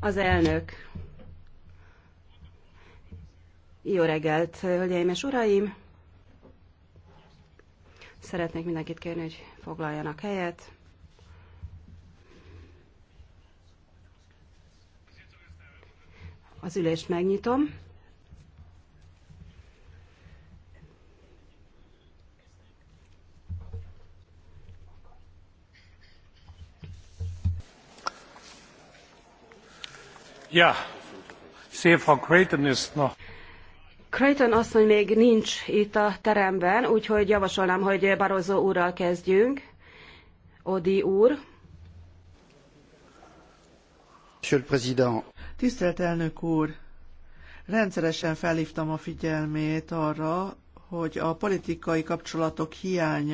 Az elnök. Jó reggelt, hölgyeim és uraim! Szeretnék mindenkit kérni, hogy foglaljanak helyet. Az ülést megnyitom. Creighton asszony még nincs itt a teremben, úgyhogy javasolnám, hogy barroso úrral kezdjünk. audy úr. Tisztelt elnök úr! Rendszeresen felhvtam a figyelmét arra, hogy a politikai kapcsolatok hiánya